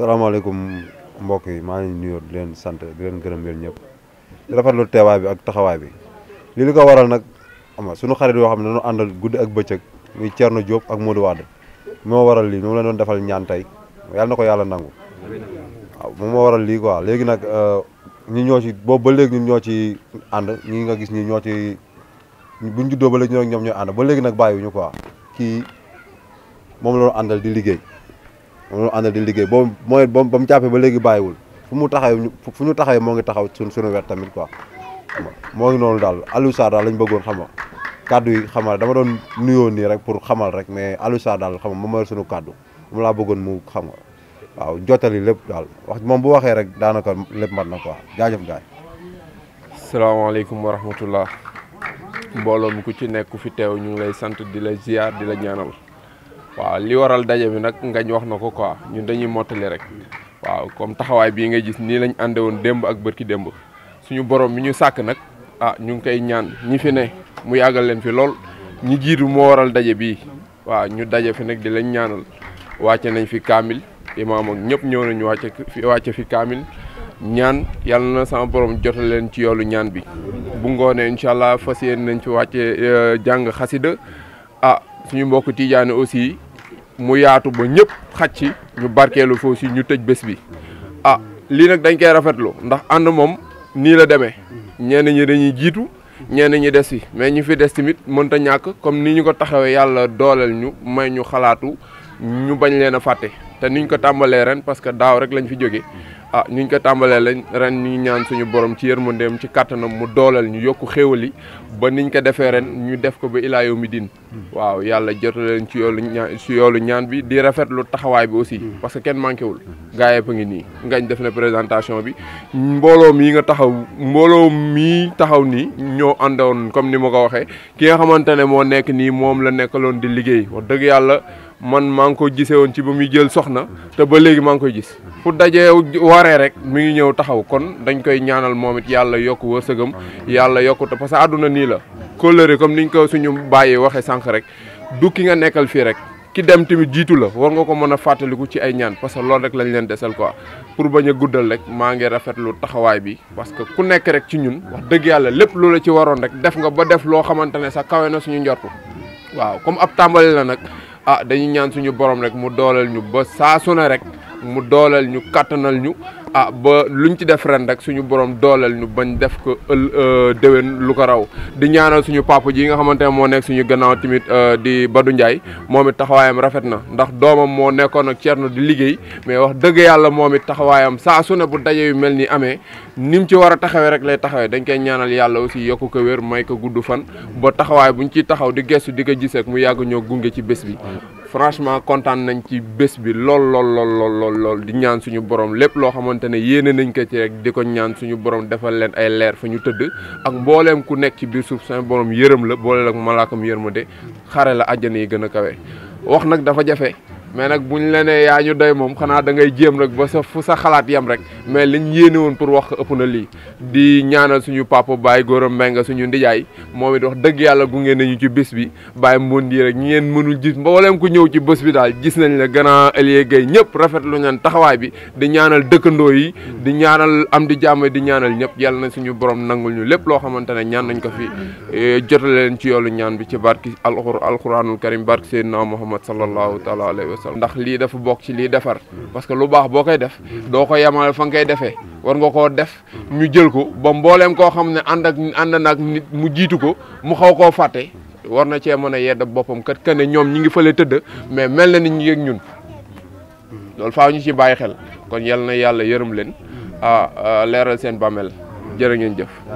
salaamaaleykum mbokk yi maa ngi nuyoo di leen sant di leen gërëm yéen ñëpp di rafetlu teewaay bi ak taxawaay bi lii li ko waral nag ama suñu xarit yoo xam ne dañoo àndal guddi ak bëccëg muy Thierno Diop ak Modou Wade moo waral lii moom la doon defal ñaan tey na ko yàlla nangu waaw moom waral lii quoi léegi nag euh, ñu ñoo ci boobu ba léegi ñun ñoo ci ànd ñi nga gis ñi ñoo ci buñ juddoo ba léegi ñoom ñoo ànd ba léegi nag bàyyiwuñu quoi kii moom la doon àndal di liggéey moom àndal di liggéey boobu mooy ba mu jàppee ba léegi bàyyiwul fu mu taxawee fu ñu taxawee moo ngi taxaw suñ suñu wet tamit quoi moo ngi noonu daal Aliou Sarr lañ bëggoon xama kaddu yi xamal dama doon nuyoo nii rek pour xamal rek mais Aliou Sarr daal xama moom mooy suñu kaddu moom laa bëggoon mu xam nga waaw jottali lépp daal wax moom bu waxee rek daanaka lépp mat na quoi jaajëf gaay salaamaaleykum wa rahmatullah mbooloo mi ku ci nekk fi teew ñu ngi lay sant di la ziar di la ñaanal waaw li waral daje bi nag ngañ wax na ko quoi ñun dañuy mottali rek waaw comme taxawaay bii nga gis nii lañ àndewoon démb ak ki démb suñu borom mi ñu sàkk nag a ah, ñu ngi koy ñaan ñi fi ne mu yàggal leen fi lool ñi jiitu moo waral daje bi waaw ñu daje fi nag di lañ ñaanal wàcce nañ fi kaamil imaam ak ñëpp ñëw nañu wàcce fi wàcce fi kaamil ñaan yàlla na sama borom jotal leen ci yoolu ñaan bi bu ngoonee incha allah fas yéene nañ fi wàcce eh, jàng xasida ah ñu mbokk tiijaane aussi mu yaatu ba ñëpp xaj ci ñu barkeelu foofu si ñu tëj bés bi ah lii nag dañ koy rafetlu ndax ànd moom nii la demee ñenn ñi dañuy jiitu ñenn ñi des fi mais ñu fi des tamit mënta ñàkk comme ni ñu ko taxawee yàlla dooleel ñu may ñu xalaatu ñu bañ leen a fàtte te niñ ko tàmbalee ren parce que daaw rek lañ fi jóge ah ñu ko tàmbalee lañ ren ñu ñaan suñu borom ci yërmandeem ci kàttanam mu dooleel ñu yokk xéewal yi ba niñ ko defee ren ñu def ko ba ilaa mi din hmm. waaw yàlla jotu leen ci yoolu ñaan ci yoolu ñaan bi di rafetlu taxawaay bi aussi hmm. parce que kenn manqué wul hmm. gaa yëpp ngi nii ngañ def na présentation bi mbooloo mii nga taxaw mbooloo mii taxaw nii ñoo àndoon comme ni ma ko waxee ki nga xamante ne moo nekk nii moom la nekkaloon di liggéey wax dëgg yàlla man maa ngi ko gisee woon ci ba muy jël soxna te ba léegi maa ngi koy gis fu dajee waree rek mi ngi ñëw taxaw kon dañ koy ñaanal moom it yàlla yokk wërsëgam yàlla yokku te parce que àdduna nii la kóllëre comme niñ ko suñu bàyyi waxee sànq rek du ki nga nekkal fii rek ki dem tamit jiitu la war nga ko mën a fàttaliku ci ay ñaan parce que loolu rek lañ leen desal quoi pour bañ a guddal rek maa ngi rafetlu taxawaay bi parce que ku nekk rek ci ñun wax dëgg yàlla lépp lu la ci waroon rek def nga ba def loo xamante ne sax kawe na suñu njortu ah dañu ñaan suñu borom rek mu doolal ñu ba saa ne rek mu doolal ñu kattanal ñu ah ba luñ ci def ren rek suñu borom dooleel ñu bañ def ko ël euh, déwén lu ko raw di ñaanal suñu papa ji nga xamante ne moo nekk suñu gannaaw tamit euh, di Badou Ndiaye moom it taxawaayam rafet na ndax doomam moo nekkoon ak Thierno di liggéey mais wax dëgg yàlla taxawaayam saa su ne bu daje yu mel ni amee ni mu ci war a taxawee rek lay taxawee dañ koy ñaanal yàlla aussi yokku ko wér may ko gudd fan ba taxawaay bu ñu ciy taxaw di gestu di ko giseek mu yàgg ñoo gunge ci bés bi franchement kontaan nañ ci bés bi lool lool lool di ñaan suñu borom lépp loo xamante ne yéene nañ ko ci rek di ko ñaan suñu borom defal leen ay leer fa ñu tëdd ak mbooleem ku nekk ci biir suuf suñu boroom yërëm la booleel ak malaakam de xare la àjjana yi gën a kawe wax nag dafa jafe. mais nag bu ñu la nee yaa ñu day moom xanaa da ngay jéem rek ba sa fu sa xalaat yem rek mais liñ yéene woon pour wax ëpp na lii di ñaanal suñu papa Baye Gora nga suñu ndijaay moom it wax dëgg yàlla gu gunge nañu ci bés bi Baye Mbondi rek ñi ngeen mënul gis mbooleem ku ñëw ci bés bi daal gis nañ la grand allié Guèye ñëpp rafetlu ñan taxawaay bi di ñaanal dëkkandoo yi di ñaanal am di jàmm di ñaanal ñëpp yàlla na suñu borom nangul ñu lépp loo xamante ne ñaan nañ ko fi e, jotale leen ci yoolu ñaan bi ci barki alxuraanul karim barki seydina Muhammad sallallahu solo ndax lii dafa bokk ci lii defar parce que lu baax boo koy def doo ko yemal fa nga koy defee war nga koo def ñu jël ko ba mbooleem koo xam ne ànd ak ànd naag nit mu jiitu ko mu xaw koo fàtte war na cee mën a yedd boppam kat que ne ñoom ñi ngi fële tëdd mais mel na ni ñu yëg ñun loolu faaw ñu ci bàyyi xel kon yal na yàlla yërëm leen ah, ah, leeral seen bàmmeel jërë ngeen jëf